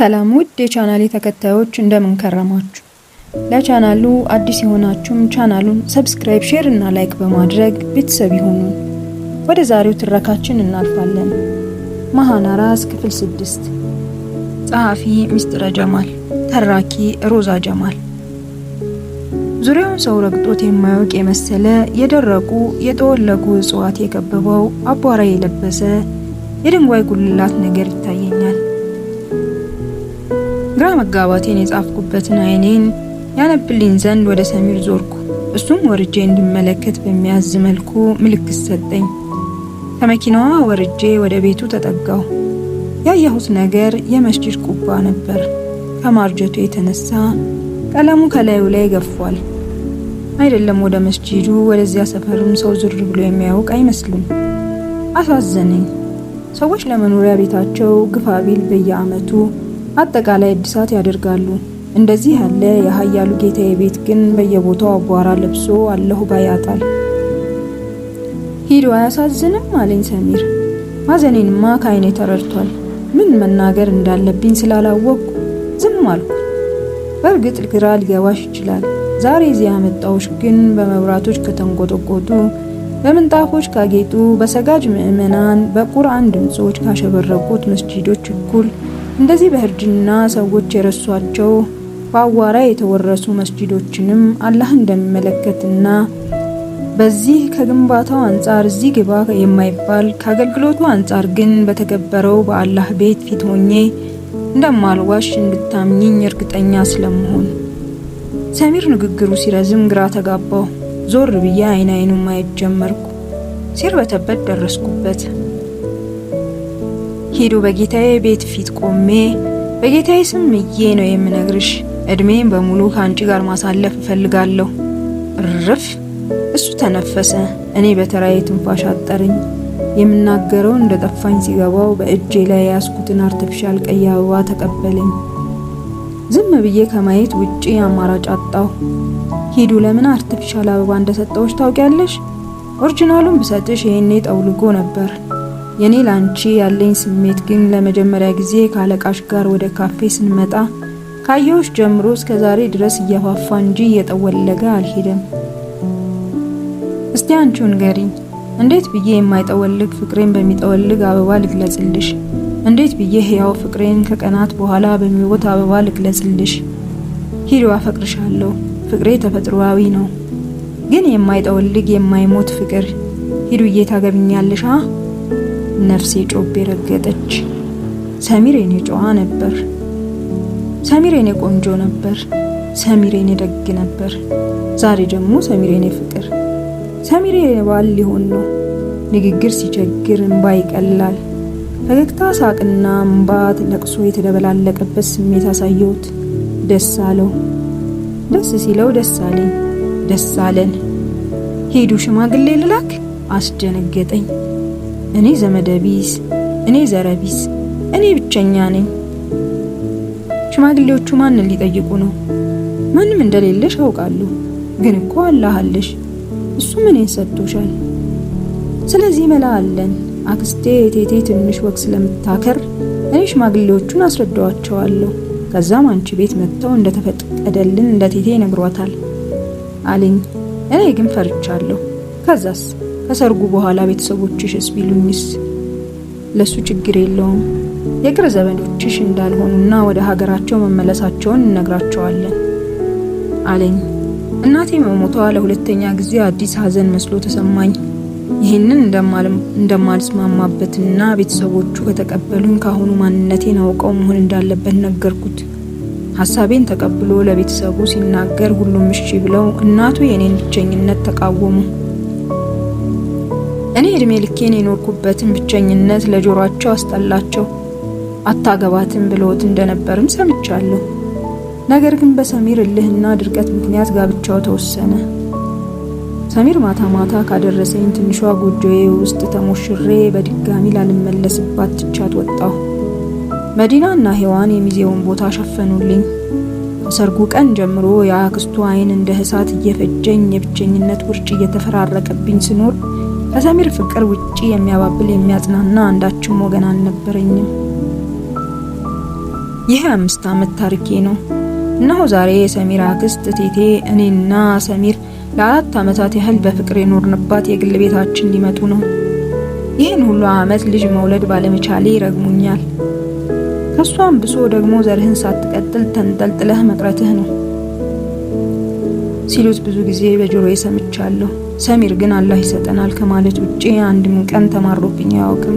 ሰላም ውድ የቻናሌ ተከታዮች እንደምንከረማችሁ። ለቻናሉ አዲስ የሆናችሁም ቻናሉን ሰብስክራይብ፣ ሼር እና ላይክ በማድረግ ቤተሰብ ይሁኑ። ወደ ዛሬው ትረካችን እናልፋለን። ራስ ክፍል ስድስት ጸሐፊ ሚስጥረ ጀማል፣ ተራኪ ሮዛ ጀማል። ዙሪያውን ሰው ረግጦት የማያውቅ የመሰለ የደረቁ የተወለጉ እጽዋት የከበበው አቧራ የለበሰ የድንጓይ ጉልላት ነገር ይታየኛል። ግራ መጋባቴን የጻፍኩበትን አይኔን ያነብልኝ ዘንድ ወደ ሰሚር ዞርኩ። እሱም ወርጄ እንድመለከት በሚያዝ መልኩ ምልክት ሰጠኝ። ከመኪናዋ ወርጄ ወደ ቤቱ ተጠጋሁ። ያየሁት ነገር የመስጂድ ቁባ ነበር። ከማርጀቱ የተነሳ ቀለሙ ከላዩ ላይ ገፏል። አይደለም ወደ መስጂዱ ወደዚያ ሰፈርም ሰው ዝር ብሎ የሚያውቅ አይመስልም። አሳዘነኝ። ሰዎች ለመኖሪያ ቤታቸው ግፋ ቢል በየአመቱ። አጠቃላይ እድሳት ያደርጋሉ። እንደዚህ ያለ የሀያሉ ጌታዬ ቤት ግን በየቦታው አቧራ ለብሶ አለሁ ባይ ያጣል። ሂዶ አያሳዝንም አለኝ ሰሚር። ሀዘኔንማ ከአይኔ ተረድቷል። ምን መናገር እንዳለብኝ ስላላወቅኩ ዝም አልኩ። በእርግጥ ግራ ሊገባሽ ይችላል። ዛሬ እዚህ ያመጣውሽ ግን በመብራቶች ከተንቆጠቆጡ፣ በምንጣፎች ካጌጡ፣ በሰጋጅ ምዕመናን፣ በቁርአን ድምፆች ካሸበረቁት መስጂዶች እኩል እንደዚህ በእርጅና ሰዎች የረሷቸው በአዋራ የተወረሱ መስጂዶችንም አላህ እንደሚመለከትና በዚህ ከግንባታው አንጻር እዚህ ግባ የማይባል ከአገልግሎቱ አንጻር ግን በተከበረው በአላህ ቤት ፊት ሆኜ እንደማልዋሽ እንድታምኝኝ እርግጠኛ ስለመሆን ሰሚር ንግግሩ ሲረዝም ግራ ተጋባሁ። ዞር ብዬ አይን አይኑ ማየት ጀመርኩ። ሲርበተበት ደረስኩበት። ሂዱ በጌታዬ ቤት ፊት ቆሜ በጌታዬ ስም ምዬ ነው የምነግርሽ። እድሜን በሙሉ ከአንቺ ጋር ማሳለፍ እፈልጋለሁ። እርፍ! እሱ ተነፈሰ። እኔ በተራዬ ትንፋሽ አጠረኝ። የምናገረው እንደ ጠፋኝ ሲገባው በእጄ ላይ ያስኩትን አርቲፊሻል ቀይ አበባ ተቀበለኝ። ዝም ብዬ ከማየት ውጪ አማራጭ አጣሁ። ሂዱ ለምን አርቲፊሻል አበባ እንደሰጠዎች ታውቂያለሽ? ኦሪጂናሉን ብሰጥሽ ይሄኔ ጠውልጎ ነበር። የኔ ላንቺ ያለኝ ስሜት ግን ለመጀመሪያ ጊዜ ካለቃሽ ጋር ወደ ካፌ ስንመጣ ካየሁሽ ጀምሮ እስከ ዛሬ ድረስ እያፋፋ እንጂ እየጠወለገ አልሄደም። እስቲ አንቺውን ንገሪኝ፣ እንዴት ብዬ የማይጠወልግ ፍቅሬን በሚጠወልግ አበባ ልግለጽልሽ? እንዴት ብዬ ህያው ፍቅሬን ከቀናት በኋላ በሚሞት አበባ ልግለጽልሽ? ሂዶ አፈቅርሻለሁ። ፍቅሬ ተፈጥሮዊ ነው፣ ግን የማይጠወልግ የማይሞት ፍቅር። ሂዱዬ ታገብኛለሽ አ ነፍሴ ጮቤ ረገጠች። ሰሚር የኔ ጨዋ ነበር። ሰሚር የኔ ቆንጆ ነበር። ሰሚር የኔ ደግ ነበር። ዛሬ ደግሞ ሰሚር የኔ ፍቅር፣ ሰሚር የኔ ባል ሊሆን ነው። ንግግር ሲቸግር እንባ ይቀላል። ፈገግታ፣ ሳቅና እንባት ለቅሶ የተደበላለቀበት ስሜት አሳየሁት። ደስ አለው። ደስ ሲለው ደስ አለኝ። ደስ አለን። ሄዱ ሽማግሌ ልላክ አስደነገጠኝ። እኔ ዘመደቢስ፣ እኔ ዘረቢስ፣ እኔ ብቸኛ ነኝ። ሽማግሌዎቹ ማንን ሊጠይቁ ነው? ማንም እንደሌለሽ አውቃለሁ፣ ግን እኮ አላህ አለሽ፣ እሱም እኔን ሰጥቶሻል። ስለዚህ መላ አለን። አክስቴ ቴቴ ትንሽ ወግ ስለምታከር እኔ ሽማግሌዎቹን አስረዳዋቸዋለሁ። ከዛም አንቺ ቤት መጥተው እንደተፈቀደልን እንደ ቴቴ ይነግሯታል አለኝ። እኔ ግን ፈርቻለሁ። ከዛስ ከሰርጉ በኋላ ቤተሰቦችሽስ ቢሉኝስ? ለሱ ችግር የለውም። የቅር ዘመዶችሽ እንዳልሆኑና ወደ ሀገራቸው መመለሳቸውን እነግራቸዋለን አለኝ። እናቴ መሞቷ ለሁለተኛ ጊዜ አዲስ ሀዘን መስሎ ተሰማኝ። ይህንን እንደማልስማማበትና ቤተሰቦቹ ከተቀበሉን ካሁኑ ማንነቴን አውቀው መሆን እንዳለበት ነገርኩት። ሀሳቤን ተቀብሎ ለቤተሰቡ ሲናገር ሁሉም እሺ ብለው እናቱ የኔን ብቸኝነት ተቃወሙ። እኔ እድሜ ልኬን የኖርኩበትን ብቸኝነት ለጆሯቸው አስጠላቸው። አታገባትም ብለውት እንደነበርም ሰምቻለሁ። ነገር ግን በሰሚር እልህና ድርቀት ምክንያት ጋብቻው ተወሰነ። ሰሚር ማታ ማታ ካደረሰኝ ትንሿ ጎጆዬ ውስጥ ተሞሽሬ በድጋሚ ላልመለስባት ትቻት ወጣሁ። መዲና እና ሔዋን የሚዜውን ቦታ ሸፈኑልኝ። ሰርጉ ቀን ጀምሮ የአክስቱ አይን እንደ እሳት እየፈጀኝ የብቸኝነት ውርጭ እየተፈራረቀብኝ ስኖር ከሰሚር ፍቅር ውጪ የሚያባብል የሚያጽናና አንዳችም ወገን አልነበረኝም። ይህ አምስት ዓመት ታሪኬ ነው። እነሆ ዛሬ የሰሚር አክስት ቴቴ እኔና ሰሚር ለአራት ዓመታት ያህል በፍቅር የኖርንባት የግል ቤታችን ሊመጡ ነው። ይህን ሁሉ ዓመት ልጅ መውለድ ባለመቻሌ ይረግሙኛል። ከሷም ብሶ ደግሞ ዘርህን ሳትቀጥል ተንጠልጥለህ መቅረትህ ነው ሲሉት ብዙ ጊዜ በጆሮዬ ሰምቻለሁ። ሰሚር ግን አላህ ይሰጠናል ከማለት ውጪ አንድም ቀን ተማሮብኝ አያውቅም።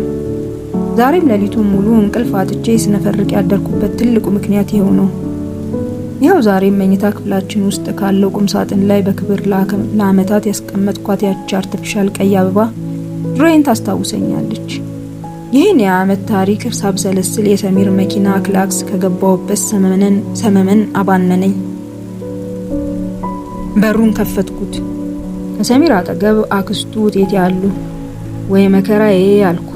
ዛሬም ሌሊቱን ሙሉ እንቅልፍ አጥቼ ስነፈርቅ ያደርኩበት ትልቁ ምክንያት ይኸው ነው። ይኸው ዛሬም መኝታ ክፍላችን ውስጥ ካለው ቁም ሳጥን ላይ በክብር ለአመታት ያስቀመጥኳት ያቺ አርቲፊሻል ቀይ አበባ ድሮዬን ታስታውሰኛለች። ይህን የአመት ታሪክ ሳብሰለስል የሰሚር መኪና ክላክስ ከገባውበት ሰመመን አባነነኝ። በሩን ከፈትኩት። ከሰሚር አጠገብ አክስቱ ውጤት ያሉ ወይ መከራዬ አልኩ።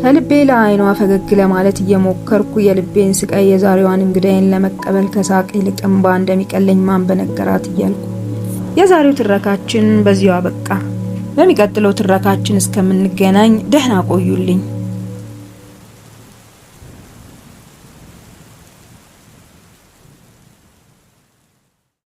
ከልቤ ለአይኗ ፈገግ ለማለት እየሞከርኩ የልቤን ስቃይ የዛሬዋን እንግዳይን ለመቀበል ከሳቅ ይልቅ እንባ እንደሚቀለኝ ማን በነገራት እያልኩ የዛሬው ትረካችን በዚያው አበቃ። በሚቀጥለው ትረካችን እስከምንገናኝ ደህና ቆዩልኝ።